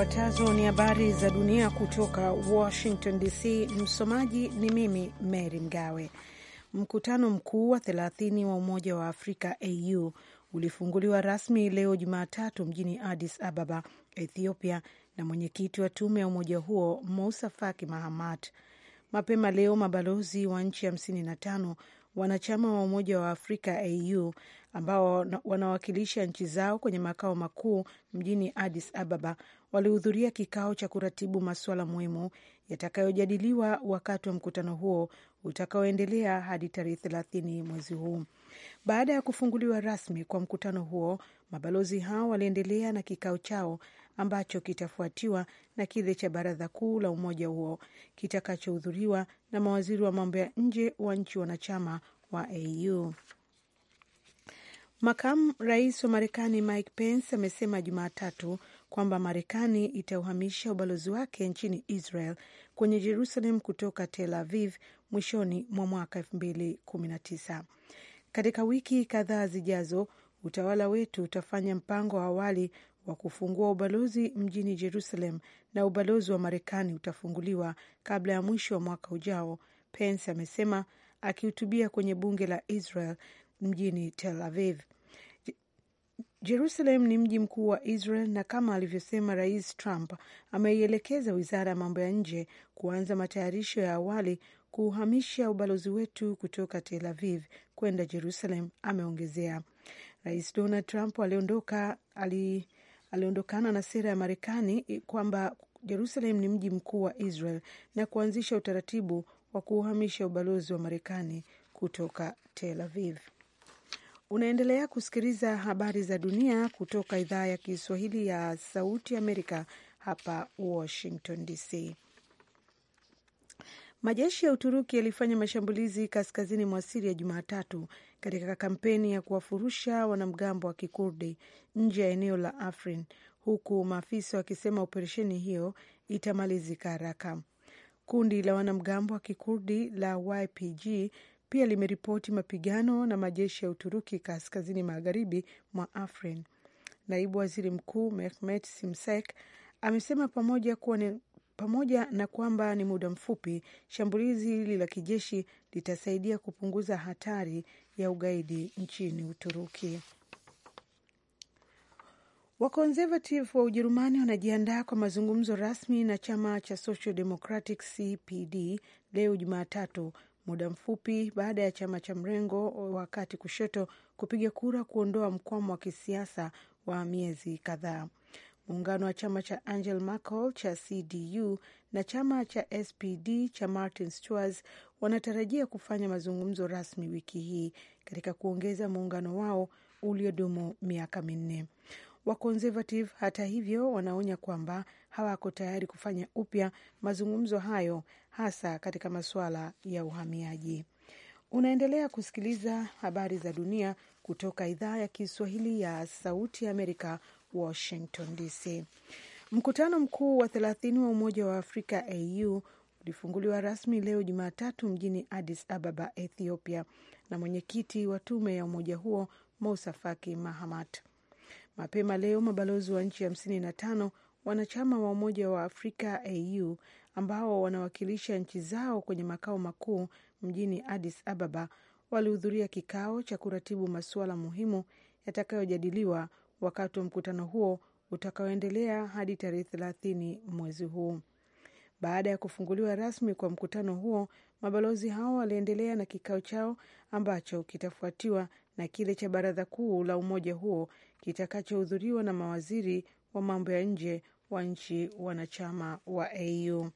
Zifuatazo ni habari za dunia kutoka Washington DC. Msomaji ni mimi Mary Mgawe. Mkutano mkuu wa 30 wa Umoja wa Afrika AU ulifunguliwa rasmi leo Jumatatu mjini Addis Ababa, Ethiopia, na mwenyekiti wa tume ya umoja huo Musa Faki Mahamat. Mapema leo mabalozi wa nchi 55 wanachama wa Umoja wa Afrika AU ambao wanawakilisha nchi zao kwenye makao makuu mjini Addis Ababa walihudhuria kikao cha kuratibu masuala muhimu yatakayojadiliwa wakati wa mkutano huo utakaoendelea hadi tarehe thelathini mwezi huu. Baada ya kufunguliwa rasmi kwa mkutano huo, mabalozi hao waliendelea na kikao chao ambacho kitafuatiwa na kile cha baraza kuu la umoja huo kitakachohudhuriwa na mawaziri wa mambo ya nje wa nchi wanachama wa AU. Makamu rais wa Marekani Mike Pence amesema Jumatatu kwamba Marekani itauhamisha ubalozi wake nchini Israel kwenye Jerusalem kutoka Tel Aviv mwishoni mwa mwaka 2019. Katika wiki kadhaa zijazo, utawala wetu utafanya mpango wa awali wa kufungua ubalozi mjini Jerusalem na ubalozi wa Marekani utafunguliwa kabla ya mwisho wa mwaka ujao, Pence amesema akihutubia kwenye bunge la Israel mjini Tel Aviv. Jerusalem ni mji mkuu wa Israel na kama alivyosema Rais Trump ameielekeza wizara ya mambo ya nje kuanza matayarisho ya awali kuhamisha ubalozi wetu kutoka Tel Aviv kwenda Jerusalem, ameongezea. Rais Donald Trump aliondoka ali, aliondokana na sera ya Marekani kwamba Jerusalem ni mji mkuu wa Israel na kuanzisha utaratibu wa kuhamisha ubalozi wa Marekani kutoka Tel Aviv. Unaendelea kusikiliza habari za dunia kutoka idhaa ya Kiswahili ya Sauti Amerika hapa Washington DC. Majeshi ya Uturuki yalifanya mashambulizi kaskazini mwa Siria Jumatatu katika kampeni ya kuwafurusha wanamgambo wa Kikurdi nje ya eneo la Afrin, huku maafisa wakisema operesheni hiyo itamalizika haraka. Kundi la wanamgambo wa Kikurdi la YPG pia limeripoti mapigano na majeshi ya Uturuki kaskazini magharibi mwa Afrin. Naibu waziri mkuu Mehmet Simsek amesema pamoja kuwa ni pamoja na kwamba ni muda mfupi, shambulizi hili la kijeshi litasaidia kupunguza hatari ya ugaidi nchini Uturuki. Wakonservative wa Ujerumani wanajiandaa kwa mazungumzo rasmi na chama cha Social Democratic CPD leo Jumatatu muda mfupi baada ya chama cha mrengo wa kati kushoto kupiga kura kuondoa mkwamo wa kisiasa wa miezi kadhaa. Muungano wa chama cha Angela Merkel cha CDU na chama cha SPD cha Martin Schulz wanatarajia kufanya mazungumzo rasmi wiki hii katika kuongeza muungano wao uliodumu miaka minne. Wakonservative hata hivyo, wanaonya kwamba hawako tayari kufanya upya mazungumzo hayo, hasa katika masuala ya uhamiaji. Unaendelea kusikiliza habari za dunia kutoka idhaa ya Kiswahili ya Sauti ya Amerika, Washington DC. Mkutano mkuu wa thelathini wa Umoja wa Afrika AU ulifunguliwa rasmi leo Jumatatu mjini Addis Ababa, Ethiopia, na mwenyekiti wa tume ya umoja huo Musa Faki Mahamat. Mapema leo mabalozi wa nchi hamsini na tano wanachama wa Umoja wa Afrika au ambao wanawakilisha nchi zao kwenye makao makuu mjini Addis Ababa walihudhuria kikao cha kuratibu masuala muhimu yatakayojadiliwa wakati wa mkutano huo utakaoendelea hadi tarehe thelathini mwezi huu. Baada ya kufunguliwa rasmi kwa mkutano huo, mabalozi hao waliendelea na kikao chao ambacho kitafuatiwa na kile cha baraza kuu la umoja huo kitakachohudhuriwa na mawaziri wa mambo ya nje wa nchi wanachama wa AU.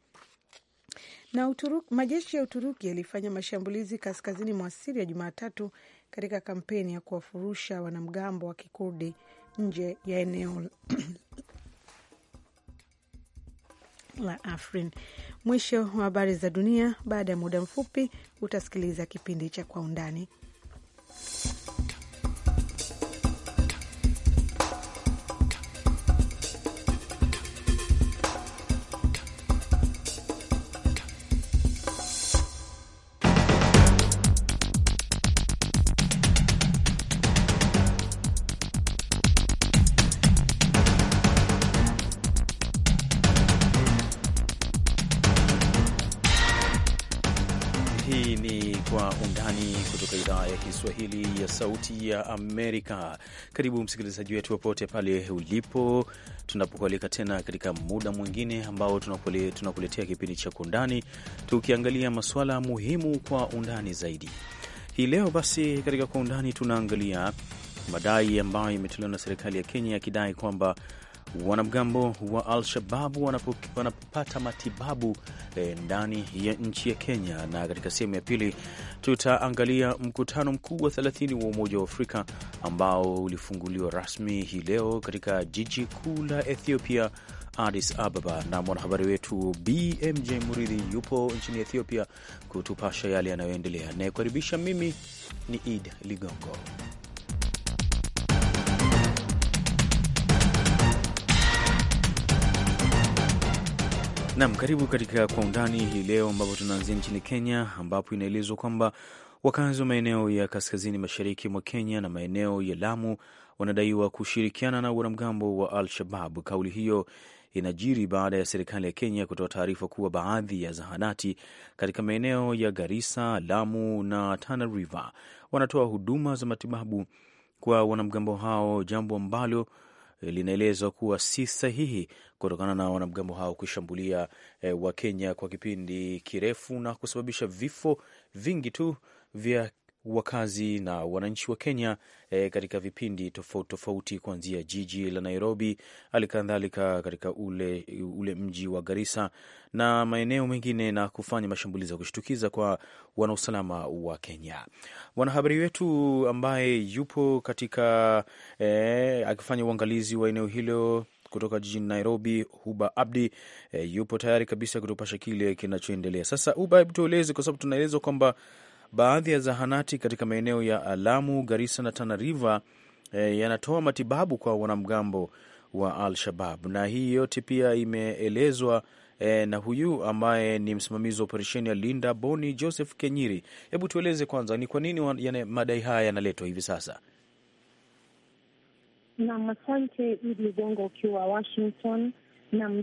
Na Uturuki, majeshi ya Uturuki yalifanya mashambulizi kaskazini mwa Siria Jumatatu katika kampeni ya kuwafurusha wanamgambo wa Kikurdi nje ya eneo la Afrin. Mwisho wa habari za dunia. Baada ya muda mfupi utasikiliza kipindi cha Kwa Undani. Sauti ya Amerika. Karibu msikilizaji wetu popote pale ulipo, tunapokualika tena katika muda mwingine ambao tunakuletea kipindi cha Kundani, Undani, tukiangalia masuala muhimu kwa undani zaidi. Hii leo basi katika Kwa Undani tunaangalia madai ambayo yametolewa na serikali ya Kenya yakidai kwamba wanamgambo wa Al-Shababu wanapata matibabu e, ndani ya nchi ya Kenya. Na katika sehemu ya pili tutaangalia mkutano mkuu wa 30 wa Umoja wa Afrika ambao ulifunguliwa rasmi hii leo katika jiji kuu la Ethiopia, Addis Ababa, na mwanahabari wetu BMJ Muridhi yupo nchini Ethiopia kutupasha yale yanayoendelea. nayekukaribisha mimi ni Id Ligongo. Nam, karibu katika Kwa Undani hii leo, ambapo tunaanzia nchini Kenya, ambapo inaelezwa kwamba wakazi wa maeneo ya kaskazini mashariki mwa Kenya na maeneo ya Lamu wanadaiwa kushirikiana na wanamgambo wa Al-Shabab. Kauli hiyo inajiri baada ya serikali ya Kenya kutoa taarifa kuwa baadhi ya zahanati katika maeneo ya Garissa, Lamu na Tana River wanatoa huduma za matibabu kwa wanamgambo hao, jambo ambalo linaelezwa kuwa si sahihi kutokana na wanamgambo hao kushambulia e, eh, Wakenya kwa kipindi kirefu na kusababisha vifo vingi tu vya wakazi na wananchi wa Kenya e, katika vipindi tofauti tofauti kuanzia jiji la Nairobi, hali kadhalika katika ule, ule mji wa Garissa na maeneo mengine na kufanya mashambulizi ya kushtukiza kwa wanausalama wa Kenya. Mwanahabari wetu ambaye yupo katika e, akifanya uangalizi wa eneo hilo kutoka jijini Nairobi, Huba Abdi e, yupo tayari kabisa kutupasha kile kinachoendelea sasa. Huba, hebu tueleze, kwa sababu tunaelezwa kwamba Baadhi ya zahanati katika maeneo ya Alamu, Garissa na Tana River eh, yanatoa matibabu kwa wanamgambo wa Al-Shabab, na hii yote pia imeelezwa e, na huyu ambaye ni msimamizi wa operesheni ya Linda Boni, Joseph Kenyiri. Hebu tueleze kwanza ni kwa nini madai haya yanaletwa hivi sasa? Nam, asante Idi Ligongo ukiwa Washington. Nam,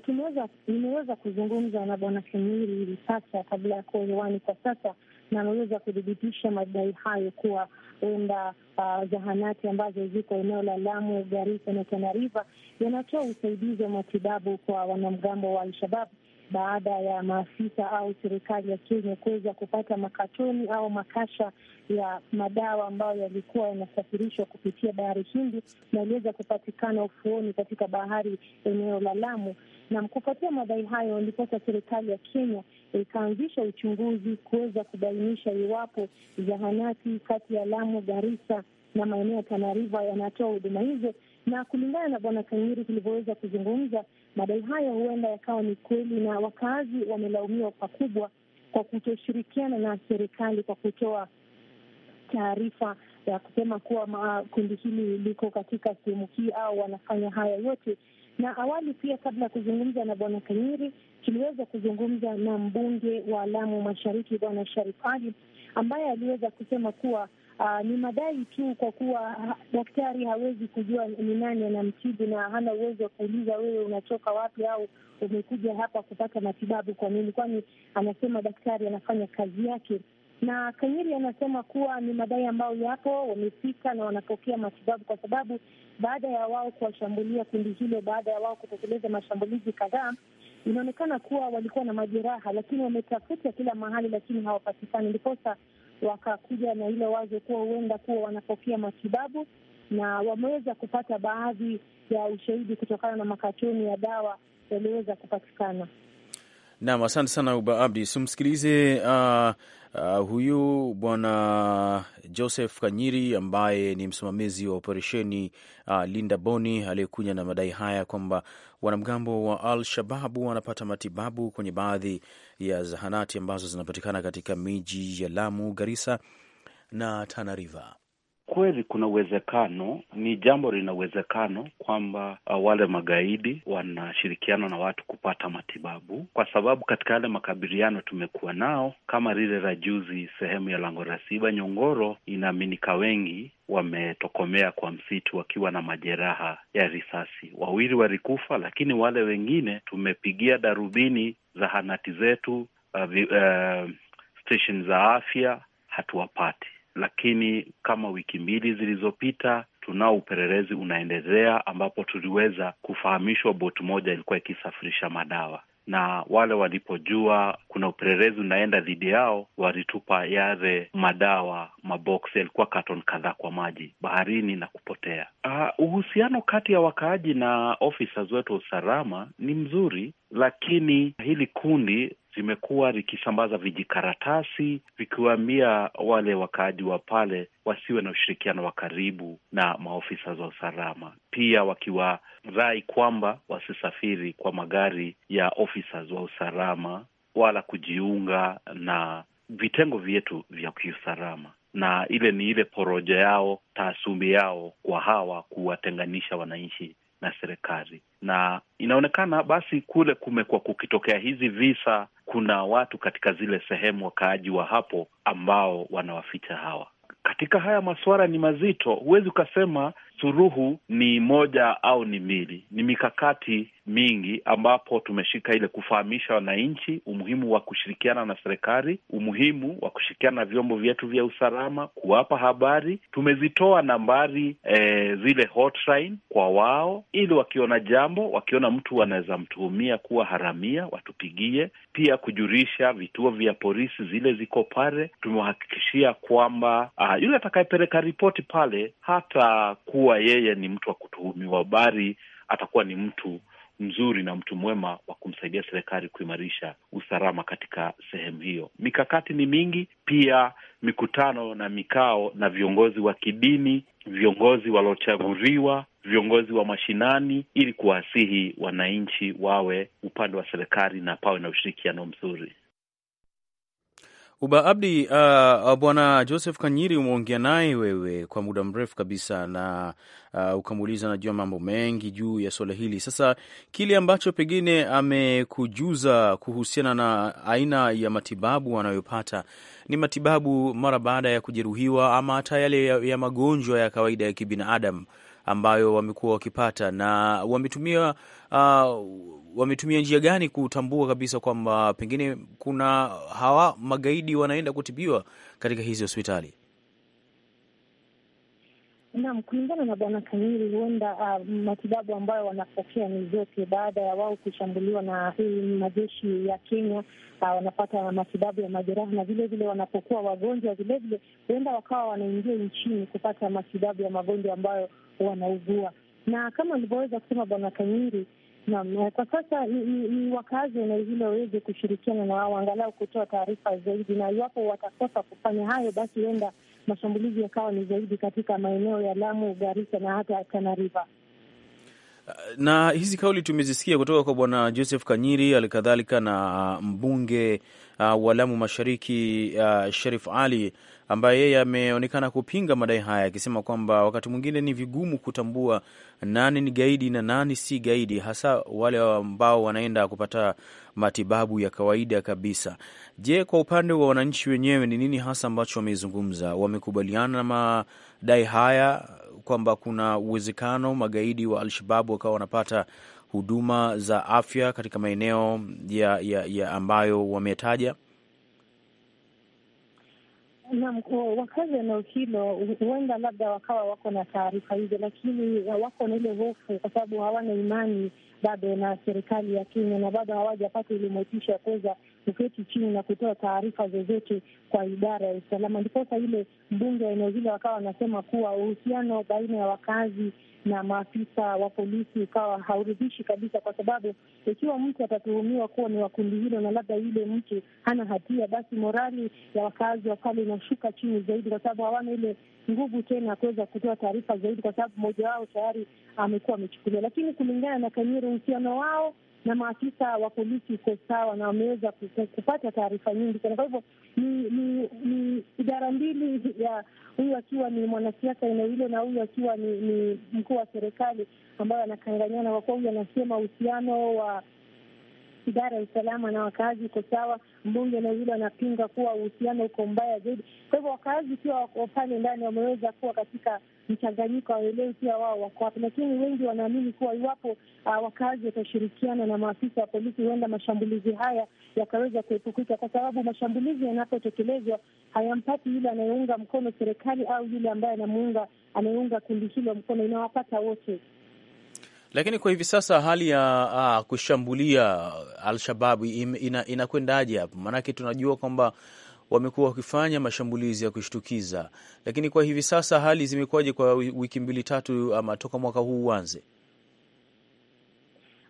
nimeweza kuzungumza na bwana Kenyiri hivi sasa kabla ya kuwa hewani kwa sasa na ameweza kuthibitisha madai hayo kuwa huenda uh, zahanati ambazo ziko eneo la Lamu, Garissa na Tana River yanatoa usaidizi wa matibabu kwa wanamgambo wa Alshababu baada ya maafisa au serikali ya Kenya kuweza kupata makatoni au makasha ya madawa ambayo yalikuwa yanasafirishwa kupitia bahari Hindi na iliweza kupatikana ufuoni katika bahari eneo la Lamu. Na kufuatia madai hayo, ndiposa serikali ya Kenya ikaanzisha uchunguzi kuweza kubainisha iwapo zahanati kati ya Lamu, Garissa na maeneo ya Tana River yanatoa huduma hizo, na kulingana na Bwana Kanyiri tulivyoweza kuzungumza Madai hayo huenda yakawa ni kweli, na wakazi wamelaumiwa pakubwa kwa kutoshirikiana na serikali kwa kutoa taarifa ya kusema kuwa kundi hili liko katika sehemu hii au wanafanya haya yote. Na awali pia, kabla ya kuzungumza na bwana Kanyiri, tuliweza kuzungumza na mbunge wa Lamu Mashariki, bwana Sharif Ali, ambaye aliweza kusema kuwa Uh, ni madai tu kwa kuwa daktari hawezi kujua ni nani anamtibu na hana uwezo wa kuuliza wewe unatoka wapi au umekuja hapa kupata matibabu kwa nini, kwani anasema daktari anafanya kazi yake. Na Kanyeri anasema kuwa ni madai ambayo yapo, wamefika na wanapokea matibabu, kwa sababu baada ya wao kuwashambulia kundi hilo, baada ya wao kutekeleza mashambulizi kadhaa inaonekana kuwa walikuwa na majeraha, lakini wametafuta kila mahali, lakini hawapatikani. Ndiposa wakakuja na ile wazo kuwa huenda kuwa wanapokea matibabu, na wameweza kupata baadhi ya ushahidi kutokana na makatoni ya dawa yaliyoweza kupatikana. Naam, asante sana Uba Abdi. Tumsikilize uh, Uh, huyu bwana Joseph Kanyiri ambaye ni msimamizi wa operesheni uh, Linda Boni aliyekuja na madai haya kwamba wanamgambo wa Al Shababu wanapata matibabu kwenye baadhi ya zahanati ambazo zinapatikana katika miji ya Lamu, Garissa na Tana River kweli kuna uwezekano, ni jambo lina uwezekano kwamba uh, wale magaidi wanashirikiana na watu kupata matibabu, kwa sababu katika yale makabiliano tumekuwa nao kama lile la juzi sehemu ya Lango la Siba, Nyongoro, inaaminika wengi wametokomea kwa msitu wakiwa na majeraha ya risasi. Wawili walikufa, lakini wale wengine tumepigia darubini zahanati zetu, uh, uh, stesheni za afya, hatuwapati lakini kama wiki mbili zilizopita tunao upelelezi unaendelea, ambapo tuliweza kufahamishwa boti moja ilikuwa ikisafirisha madawa, na wale walipojua kuna upelelezi unaenda dhidi yao walitupa yale madawa maboksi, yalikuwa katon kadhaa kwa maji baharini na kupotea. Uh, uhusiano kati ya wakaaji na officers wetu wa usalama ni mzuri, lakini hili kundi zimekuwa zikisambaza vijikaratasi vikiwaambia wale wakaaji wa pale wasiwe na ushirikiano wa karibu na maofisa za usalama, pia wakiwarai kwamba wasisafiri kwa magari ya ofisa wa usalama wala kujiunga na vitengo vyetu vya kiusalama na ile ni ile poroja yao, taasumi yao kwa hawa kuwatenganisha wananchi na serikali, na inaonekana basi kule kumekuwa kukitokea hizi visa. Kuna watu katika zile sehemu, wakaaji wa hapo ambao wanawaficha hawa. Katika haya masuala ni mazito, huwezi ukasema suruhu ni moja au ni mbili, ni mikakati mingi ambapo tumeshika ile kufahamisha wananchi umuhimu wa kushirikiana na serikali, umuhimu wa kushirikiana na vyombo vyetu vya usalama, kuwapa habari. Tumezitoa nambari e, zile hotline kwa wao, ili wakiona jambo, wakiona mtu anaweza mtuhumia kuwa haramia, watupigie. Pia kujurisha vituo vya polisi zile ziko pale, tumewahakikishia kwamba ah, yule atakayepeleka ripoti pale hata kuwa kuwa yeye ni mtu wa kutuhumiwa, bari atakuwa ni mtu mzuri na mtu mwema wa kumsaidia serikali kuimarisha usalama katika sehemu hiyo. Mikakati ni mingi, pia mikutano na mikao na viongozi wa kidini, viongozi waliochaguliwa, viongozi wa mashinani, ili kuwasihi wananchi wawe upande wa serikali na pawe na ushirikiano mzuri. Uba Abdi, uh, uh, bwana Joseph Kanyiri umeongea naye wewe kwa muda mrefu kabisa na uh, ukamuuliza, najua mambo mengi juu ya swala hili. Sasa kile ambacho pengine amekujuza kuhusiana na aina ya matibabu anayopata ni matibabu mara baada ya kujeruhiwa ama hata yale ya, ya magonjwa ya kawaida ya kibinadamu ambayo wamekuwa wakipata na wametumia uh, wametumia njia gani kutambua kabisa kwamba pengine kuna hawa magaidi wanaenda kutibiwa katika hizi hospitali? Naam, kulingana na Bwana Kanyiri, huenda uh, matibabu ambayo wanapokea ni zote baada ya wao kushambuliwa na hii majeshi ya Kenya. Uh, wanapata matibabu ya majeraha na vilevile wanapokuwa wagonjwa, vilevile huenda wakawa wanaingia nchini kupata matibabu ya magonjwa ambayo wanaugua, na kama alivyoweza kusema Bwana Kanyiri Naam, kwa sasa ni, wakazi wa eneo hilo waweze kushirikiana na wao angalau kutoa taarifa zaidi, na iwapo watakosa kufanya hayo, basi huenda mashambulizi yakawa ni zaidi katika maeneo ya Lamu, Garissa na hata Tana River. Uh, na hizi kauli tumezisikia kutoka kwa Bwana Joseph Kanyiri, halikadhalika na mbunge uh, wa Lamu Mashariki uh, Sherif Ali ambaye yeye ameonekana kupinga madai haya akisema kwamba wakati mwingine ni vigumu kutambua nani ni gaidi na nani si gaidi, hasa wale ambao wanaenda kupata matibabu ya kawaida kabisa. Je, kwa upande wa wananchi wenyewe ni nini hasa ambacho wamezungumza? Wamekubaliana na madai haya kwamba kuna uwezekano magaidi wa Alshababu wakawa wanapata huduma za afya katika maeneo ya, ya, ya ambayo wametaja? Naam, wakazi wa eneo hilo huenda labda wakawa wako na taarifa hizo, lakini wako na ile hofu, kwa sababu hawana imani bado na serikali ya Kenya na bado hawajapata ile motisha ya kuweza kuketi chini na kutoa taarifa zozote kwa idara ya usalama. Ndiposa ile mbunge wa eneo hilo wakawa wanasema kuwa uhusiano baina ya wakazi na maafisa wa polisi ukawa hauridhishi kabisa, kwa sababu ikiwa mtu atatuhumiwa kuwa ni wa kundi hilo na labda yule mtu hana hatia, basi morali ya wakazi wa pale inashuka chini zaidi, kwa sababu hawana ile nguvu tena kuweza kutoa taarifa zaidi, kwa sababu mmoja wao tayari amekuwa amechukuliwa. Lakini kulingana na Kanyero, uhusiano wao na maafisa wa polisi iko sawa na wameweza kupata taarifa nyingi sana. Kwa hivyo ni, ni, ni idara mbili ya huyu akiwa ni mwanasiasa eneo hilo na huyu akiwa ni, ni mkuu wa serikali ambayo anakanganyana kwa kuwa huyu anasema uhusiano wa idara ya usalama na wakaazi uko sawa. Mbunge na yule anapinga kuwa uhusiano uko mbaya zaidi. Kwa hivyo wakaazi pia wako pale ndani wameweza kuwa katika mchanganyiko, hawaelewi pia wao wako wapi, lakini wengi wanaamini kuwa iwapo uh, wakaazi watashirikiana na maafisa wa polisi, huenda mashambulizi haya yakaweza kuepukika, kwa sababu mashambulizi yanapotekelezwa hayampati yule anayeunga mkono serikali au yule ambaye anamuunga anayeunga kundi hilo mkono, inawapata wote. Lakini kwa hivi sasa hali ya ah, kushambulia Alshababu inakwendaje ina hapo? Maanake tunajua kwamba wamekuwa wakifanya mashambulizi ya kushtukiza, lakini kwa hivi sasa hali zimekuwaje kwa wiki mbili tatu, ama toka mwaka huu uanze?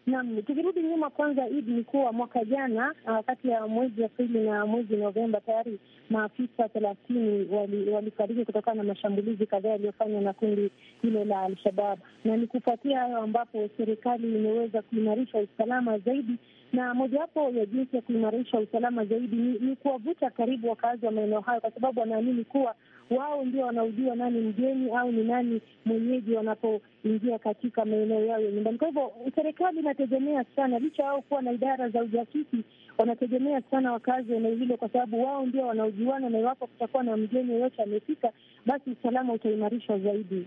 Naam, tukirudi nyuma kwanza, Id, ni kuwa mwaka jana uh, kati ya mwezi Aprili na mwezi Novemba tayari maafisa thelathini walifariki wali kutokana na mashambulizi kadhaa yaliyofanywa na kundi hilo la Alshabab, na ni kufuatia hayo ambapo serikali imeweza kuimarisha usalama zaidi na mojawapo ya jinsi ya kuimarisha usalama zaidi ni, ni kuwavuta karibu wakazi wa maeneo hayo, kwa sababu wanaamini kuwa wao ndio wanaojua nani mgeni au ni nani mwenyeji wanapoingia katika maeneo yao ya nyumbani. Kwa hivyo serikali inategemea sana, licha yao kuwa na idara za ujasusi, wanategemea sana wakazi wa eneo hilo, kwa sababu wao ndio wanaojuana, na iwapo kutakuwa na mgeni yoyote amefika, basi usalama utaimarishwa zaidi.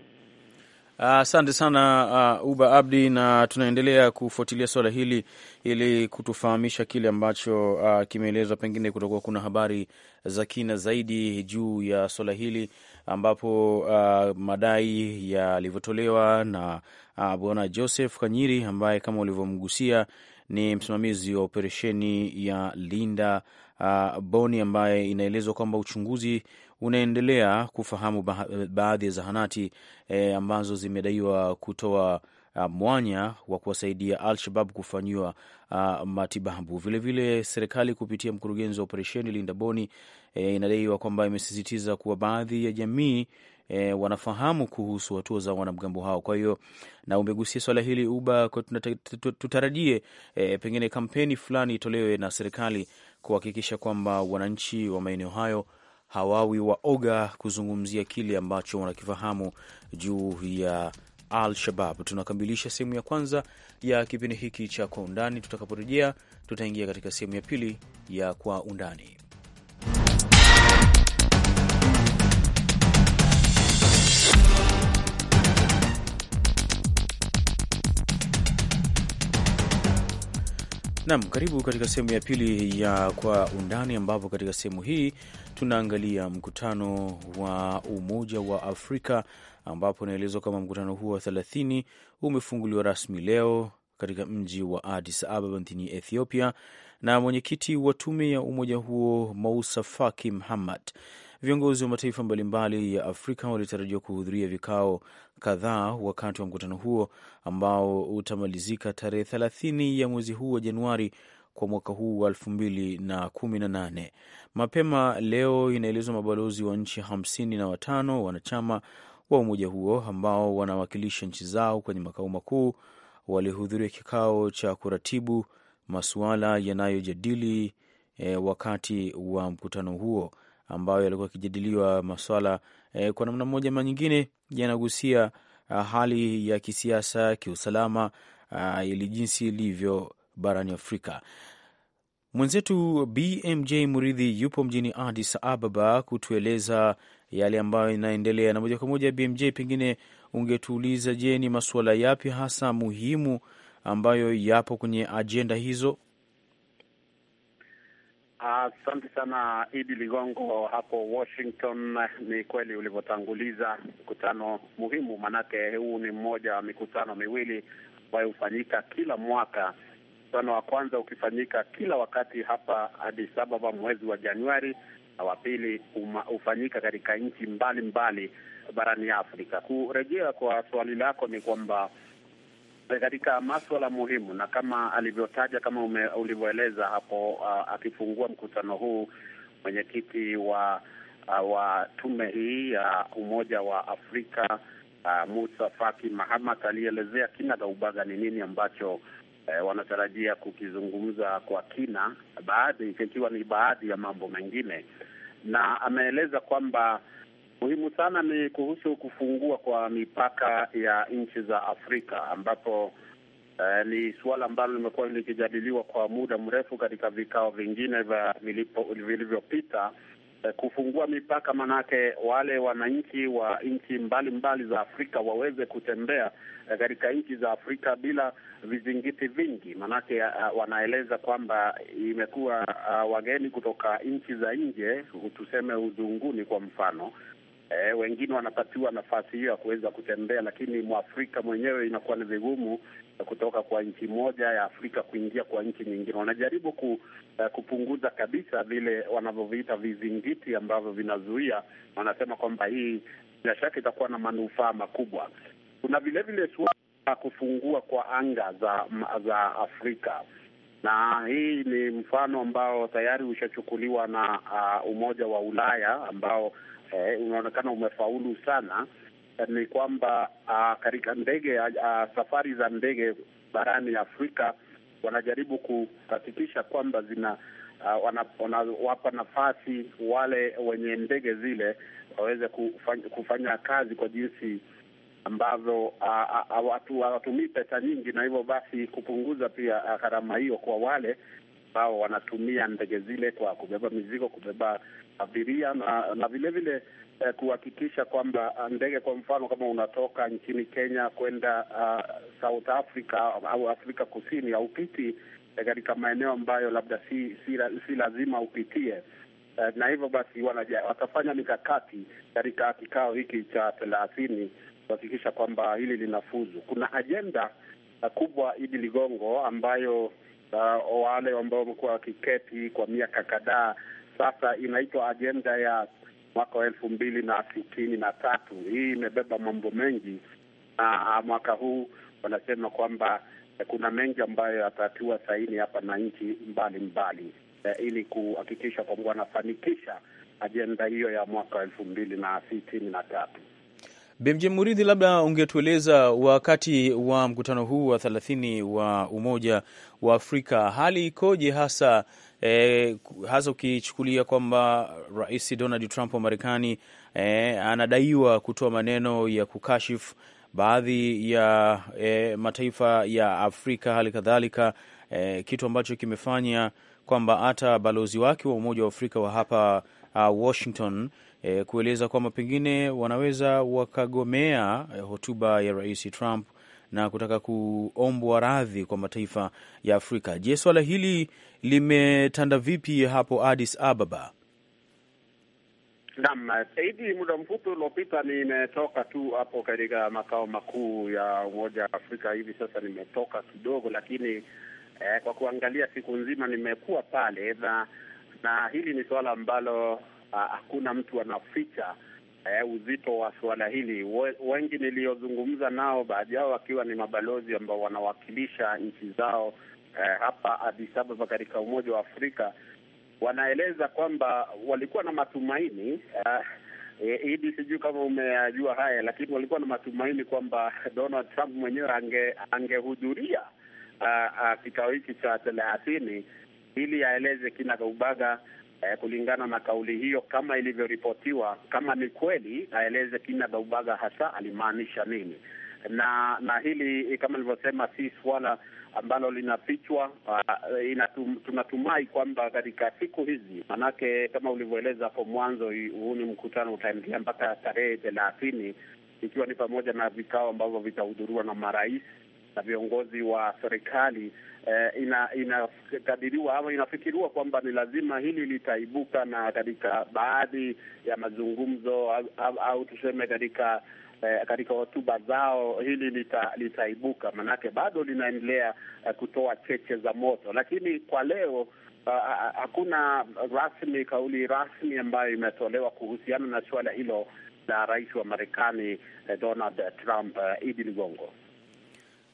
Asante uh, sana uh, Uba Abdi, na tunaendelea kufuatilia swala hili ili kutufahamisha kile ambacho uh, kimeelezwa. Pengine kutakuwa kuna habari za kina zaidi juu ya swala hili ambapo uh, madai yalivyotolewa na uh, Bwana Joseph Kanyiri ambaye kama ulivyomgusia ni msimamizi wa operesheni ya Linda uh, Boni ambaye inaelezwa kwamba uchunguzi unaendelea kufahamu baadhi ya zahanati e, ambazo zimedaiwa kutoa mwanya wa kuwasaidia Al-Shabab kufanyiwa matibabu. Vilevile, serikali kupitia mkurugenzi wa operesheni Linda Boni e, inadaiwa kwamba imesisitiza kuwa baadhi ya jamii e, wanafahamu kuhusu hatua za wanamgambo hao. Kwa hiyo na umegusia swala hili uba, tutarajie e, pengine kampeni fulani itolewe na serikali kuhakikisha kwamba wananchi wa maeneo hayo hawawi waoga kuzungumzia kile ambacho wanakifahamu juu ya Al-Shabab. Tunakamilisha sehemu ya kwanza ya kipindi hiki cha Kwa Undani. Tutakaporejea, tutaingia katika sehemu ya pili ya Kwa Undani. Nam, karibu katika sehemu ya pili ya Kwa Undani, ambapo katika sehemu hii tunaangalia mkutano wa Umoja wa Afrika, ambapo unaelezwa kama mkutano huo wa thelathini umefunguliwa rasmi leo katika mji wa Addis Ababa nchini Ethiopia na mwenyekiti wa tume ya umoja huo Mousa Faki Muhammad Viongozi wa mataifa mbalimbali ya Afrika walitarajiwa kuhudhuria vikao kadhaa wakati wa mkutano huo ambao utamalizika tarehe thelathini ya mwezi huu wa Januari kwa mwaka huu wa nane. Mapema leo inaelezwa mabalozi wa nchi hamsini na watano wanachama wa umoja huo ambao wanawakilisha nchi zao kwenye makao makuu walihudhuria kikao cha kuratibu masuala yanayojadili e, wakati wa mkutano huo ambayo yalikuwa yakijadiliwa maswala e, kwa namna moja ama nyingine yanagusia ah, hali ya kisiasa, kiusalama, ah, ili jinsi ilivyo barani Afrika. Mwenzetu BMJ Muridhi yupo mjini Addis Ababa kutueleza yale ambayo inaendelea, na moja kwa moja, BMJ, pengine ungetuuliza, je, ni masuala yapi hasa muhimu ambayo yapo kwenye ajenda hizo? Asante uh, sana Idi Ligongo hapo Washington. Ni kweli ulivyotanguliza, mkutano muhimu, manake huu ni mmoja wa mikutano miwili ambayo hufanyika kila mwaka, mkutano wa kwanza ukifanyika kila wakati hapa Addis Ababa mwezi wa Januari na wa pili hufanyika katika nchi mbalimbali barani Afrika. Kurejea kwa swali lako ni kwamba Eh, katika maswala muhimu, na kama alivyotaja, kama ulivyoeleza hapo uh, akifungua mkutano huu mwenyekiti wa uh, wa tume hii ya uh, Umoja wa Afrika uh, Musa Faki Mahamat alielezea kina gaubaga ni nini ambacho eh, wanatarajia kukizungumza kwa kina, baadhi ikiwa ni baadhi ya mambo mengine, na ameeleza kwamba muhimu sana ni kuhusu kufungua kwa mipaka ya nchi za Afrika ambapo eh, ni suala ambalo limekuwa likijadiliwa kwa muda mrefu katika vikao vingine vilivyopita. Eh, kufungua mipaka manake wale wananchi wa nchi mbalimbali za Afrika waweze kutembea eh, katika nchi za Afrika bila vizingiti vingi, manake uh, wanaeleza kwamba imekuwa uh, wageni kutoka nchi za nje, tuseme uzunguni kwa mfano E, wengine wanapatiwa nafasi hiyo ya kuweza kutembea, lakini mwafrika mwenyewe inakuwa ni vigumu kutoka kwa nchi moja ya Afrika kuingia kwa nchi nyingine. Wanajaribu ku, uh, kupunguza kabisa vile wanavyoviita vizingiti ambavyo vinazuia. Wanasema kwamba hii bila shaka itakuwa na manufaa makubwa. Kuna vilevile suala la kufungua kwa anga za, za Afrika na hii ni mfano ambao tayari ushachukuliwa na uh, Umoja wa Ulaya ambao eh, unaonekana umefaulu sana eh, ni kwamba ah, katika ndege ah, safari za ndege barani Afrika wanajaribu kuhakikisha kwamba zina ah, wanawapa wana, nafasi wale wenye ndege zile waweze kufanya, kufanya kazi kwa jinsi ambavyo ah, ah, hawatumii pesa nyingi, na hivyo basi kupunguza pia gharama hiyo kwa wale ambao wanatumia ndege zile kwa kubeba mizigo, kubeba abiria na, na vile vile eh, kuhakikisha kwamba ah, ndege, kwa mfano, kama unatoka nchini Kenya kwenda uh, South Africa au Afrika Kusini, haupiti eh, katika maeneo ambayo labda si, si, si lazima upitie eh, na hivyo basi wanaja, watafanya mikakati katika kikao hiki cha thelathini kuhakikisha kwamba hili linafuzu. Kuna ajenda uh, kubwa Idi Ligongo ambayo uh, wale ambao wamekuwa wakiketi kwa miaka kadhaa sasa inaitwa ajenda ya mwaka wa elfu mbili na sitini na tatu. Hii imebeba mambo mengi na ah, mwaka huu wanasema kwamba eh, kuna mengi ambayo yatatiwa saini hapa na nchi mbalimbali eh, ili kuhakikisha kwamba wanafanikisha ajenda hiyo ya mwaka wa elfu mbili na sitini na tatu. BMJ Muridhi, labda ungetueleza wakati wa mkutano huu wa thelathini wa Umoja wa Afrika hali ikoje hasa e, hasa ukichukulia kwamba Rais Donald Trump wa Marekani e, anadaiwa kutoa maneno ya kukashifu baadhi ya e, mataifa ya Afrika hali kadhalika e, kitu ambacho kimefanya kwamba hata balozi wake wa Umoja wa Afrika wa hapa uh, Washington e, kueleza kwamba pengine wanaweza wakagomea hotuba ya Rais Trump na kutaka kuombwa radhi kwa mataifa ya Afrika. Je, swala hili limetanda vipi hapo Addis Ababa? Naam, Saidi, muda mfupi uliopita nimetoka tu hapo katika makao makuu ya Umoja wa Afrika. Hivi sasa nimetoka kidogo, lakini eh, kwa kuangalia siku nzima nimekuwa pale na, na hili ni suala ambalo ah, hakuna ah, mtu anaficha eh, uzito wa suala hili. Wengi niliyozungumza nao, baadhi yao wakiwa ni mabalozi ambao wanawakilisha nchi zao eh, hapa Addis Ababa katika Umoja wa Afrika, wanaeleza kwamba walikuwa na matumaini eh, eh Idi, sijui kama umeyajua haya, lakini walikuwa na matumaini kwamba Donald Trump mwenyewe ange, angehudhuria uh, uh, kikao hiki cha thelathini ili aeleze kina kaubaga eh, kulingana na kauli hiyo kama ilivyoripotiwa, kama ni kweli, aeleze kina Baubaga hasa alimaanisha nini na na hili eh, kama nilivyosema, si suala ambalo linafichwa. Uh, eh, inatum, tunatumai kwamba katika siku hizi, manake kama ulivyoeleza hapo mwanzo, huu ni mkutano utaendelea mpaka tarehe thelathini, ikiwa ni pamoja na vikao ambavyo vitahudhuriwa na marais na viongozi wa serikali eh, ina- inakadiriwa ama inafikiriwa kwamba ni lazima hili litaibuka, na katika baadhi ya mazungumzo au, au, au tuseme katika eh, katika hotuba zao hili lita, litaibuka, manake bado linaendelea eh, kutoa cheche za moto, lakini kwa leo ah, ah, ah, hakuna rasmi kauli rasmi ambayo imetolewa kuhusiana na suala hilo la rais wa Marekani eh, Donald Trump. Idi Ligongo.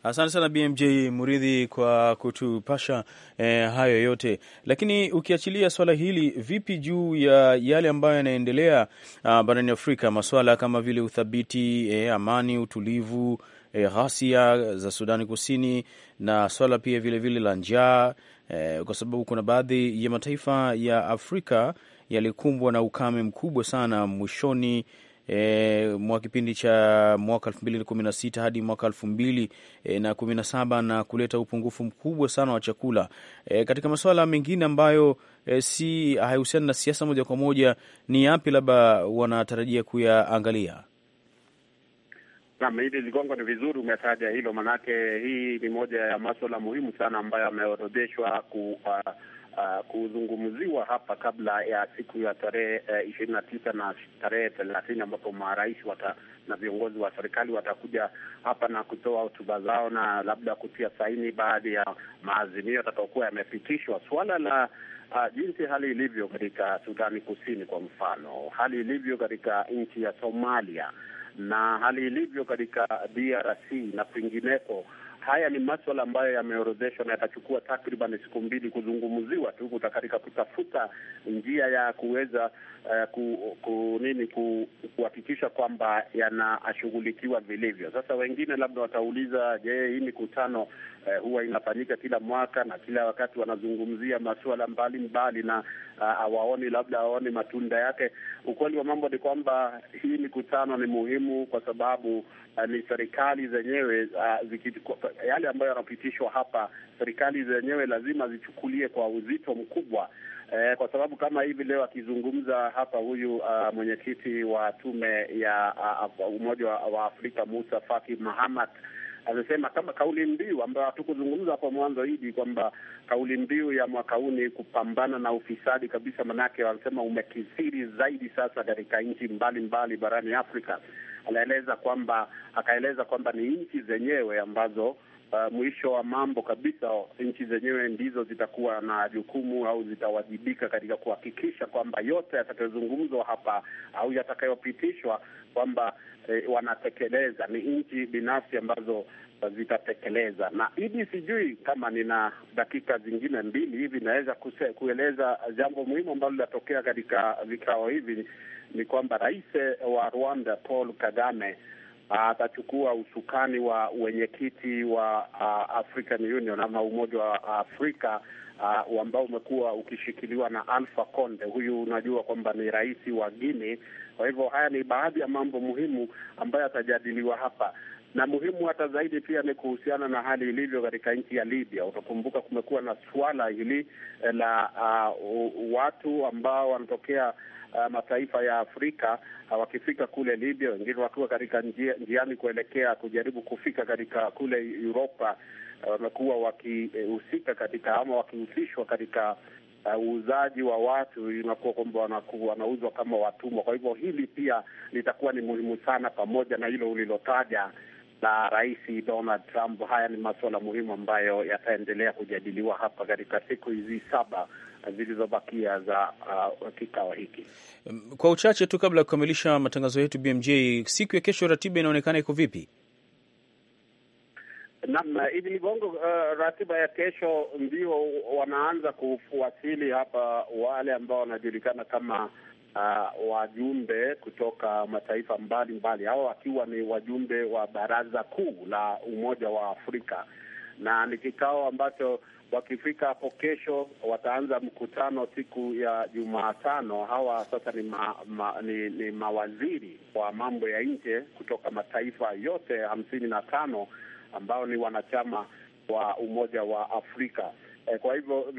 Asante sana BMJ Muridhi kwa kutupasha eh, hayo yote. Lakini ukiachilia swala hili, vipi juu ya yale ambayo yanaendelea uh, barani Afrika, maswala kama vile uthabiti, eh, amani, utulivu, eh, ghasia za Sudani Kusini na swala pia vilevile la njaa eh, kwa sababu kuna baadhi ya mataifa ya Afrika yalikumbwa na ukame mkubwa sana mwishoni e, mwa kipindi cha mwaka elfu mbili na kumi na sita hadi mwaka elfu mbili na kumi na saba na kuleta upungufu mkubwa sana wa chakula. E, katika masuala mengine ambayo e, si hayahusiani na siasa moja kwa moja, ni yapi labda wanatarajia kuyaangalia? Naam, ligongo ni vizuri umetaja hilo, manake hii ni moja ya maswala muhimu sana ambayo yameorodheshwa ku uh, uh, kuzungumziwa hapa kabla ya siku ya tarehe uh, ishirini na tisa na tarehe thelathini ambapo marais na viongozi wa serikali watakuja hapa na kutoa hotuba zao na labda kutia saini baadhi ya maazimio yatakaokuwa yamepitishwa. Suala la uh, jinsi hali ilivyo katika Sudani Kusini, kwa mfano, hali ilivyo katika nchi ya Somalia na hali ilivyo katika DRC na kwingineko haya ni maswala ambayo yameorodheshwa na yatachukua takriban siku mbili kuzungumziwa tu katika kutafuta njia ya kuweza uh, ku, ku, nini ku, kuhakikisha kwamba yanashughulikiwa vilivyo. Sasa wengine labda watauliza, je, hii mikutano eh, huwa inafanyika kila mwaka na kila wakati wanazungumzia masuala mbalimbali na ah, hawaoni uh, labda hawaoni matunda yake. Ukweli wa mambo ni kwamba hii mikutano ni muhimu kwa sababu uh, ni serikali zenyewe uh, ah, ziki, yale ambayo yanapitishwa hapa, serikali zenyewe lazima zichukulie kwa uzito mkubwa. Eh, kwa sababu kama hivi leo akizungumza hapa huyu uh, mwenyekiti wa tume ya uh, Umoja wa Afrika Musa Faki Mahamat amesema kama kauli mbiu ambayo hatukuzungumza hapo mwanzo hidi kwamba kauli mbiu ya mwaka huu ni kupambana na ufisadi kabisa, manake wanasema umekithiri zaidi sasa katika nchi mbalimbali barani Afrika. Anaeleza kwamba akaeleza kwamba ni nchi zenyewe ambazo uh, mwisho wa mambo kabisa, nchi zenyewe ndizo zitakuwa na jukumu au zitawajibika katika kuhakikisha kwamba yote yatakayozungumzwa hapa au yatakayopitishwa kwamba eh, wanatekeleza. Ni nchi binafsi ambazo zitatekeleza na hivi Sijui kama nina dakika zingine mbili hivi, naweza kueleza jambo muhimu ambalo linatokea katika vikao hivi, ni kwamba rais wa Rwanda Paul Kagame atachukua usukani wa wenyekiti wa uh, African Union ama Umoja wa Afrika uh, ambao umekuwa ukishikiliwa na Alpha Conde. Huyu unajua kwamba ni rais wa Guinea. Kwa hivyo haya ni baadhi ya mambo muhimu ambayo yatajadiliwa hapa na muhimu hata zaidi pia ni kuhusiana na hali ilivyo katika nchi ya Libya. Utakumbuka kumekuwa na suala hili eh, la uh, watu ambao wanatokea uh, mataifa ya Afrika uh, wakifika kule Libya, wengine wakiwa katika njia, njiani kuelekea kujaribu kufika katika kule Uropa uh, wamekuwa wakihusika katika ama wakihusishwa katika uh, uuzaji uh, wa watu, inakuwa kwamba wanauzwa kama watumwa. Kwa hivyo hili pia litakuwa ni muhimu sana, pamoja na hilo ulilotaja la Rais Donald Trump. Haya ni masuala muhimu ambayo yataendelea kujadiliwa hapa katika siku hizi saba zilizobakia za uh, kikao hiki. Kwa uchache tu, kabla ya kukamilisha matangazo yetu, BMJ, siku ya kesho ratiba inaonekana iko vipi? Naam, hivi Ligongo, uh, ratiba ya kesho ndio wanaanza kuwasili hapa wale ambao wanajulikana kama uh, wajumbe kutoka mataifa mbalimbali, hawa wakiwa ni wajumbe wa Baraza Kuu la Umoja wa Afrika, na ni kikao ambacho wakifika hapo kesho wataanza mkutano siku ya Jumatano. Hawa sasa ni, ma, ma, ni, ni mawaziri wa mambo ya nje kutoka mataifa yote hamsini na tano ambao ni wanachama wa Umoja wa Afrika. Eh, kwa hivyo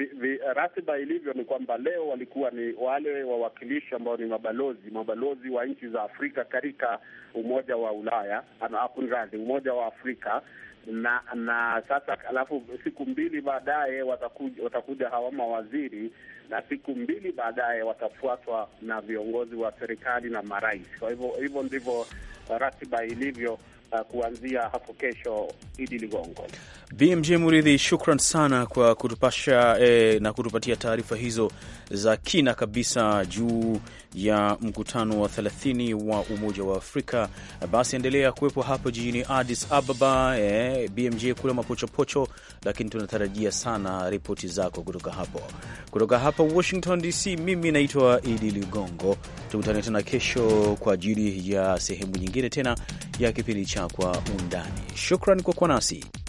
ratiba ilivyo ni kwamba leo walikuwa ni wale wawakilishi ambao ni mabalozi mabalozi wa nchi za Afrika katika Umoja wa Ulaya, kunradhi, Umoja wa Afrika na na sasa, alafu siku mbili baadaye watakuja, watakuja hawa mawaziri na siku mbili baadaye watafuatwa na viongozi wa serikali na marais. Kwa hivyo hivyo ndivyo ratiba ilivyo. Uh, kuanzia hapo kesho. Idi Ligongo, BMJ Muridhi, shukran sana kwa kutupasha eh, na kutupatia taarifa hizo za kina kabisa juu ya mkutano wa 30 wa Umoja wa Afrika, basi endelea kuwepo hapo jijini Addis Ababa eh, BMJ kula mapochopocho, lakini tunatarajia sana ripoti zako kutoka hapo. Kutoka hapa Washington DC, mimi naitwa Idi Ligongo. Tukutane tena kesho kwa ajili ya sehemu nyingine tena ya kipindi cha Kwa Undani. Shukran kwa kuwa nasi.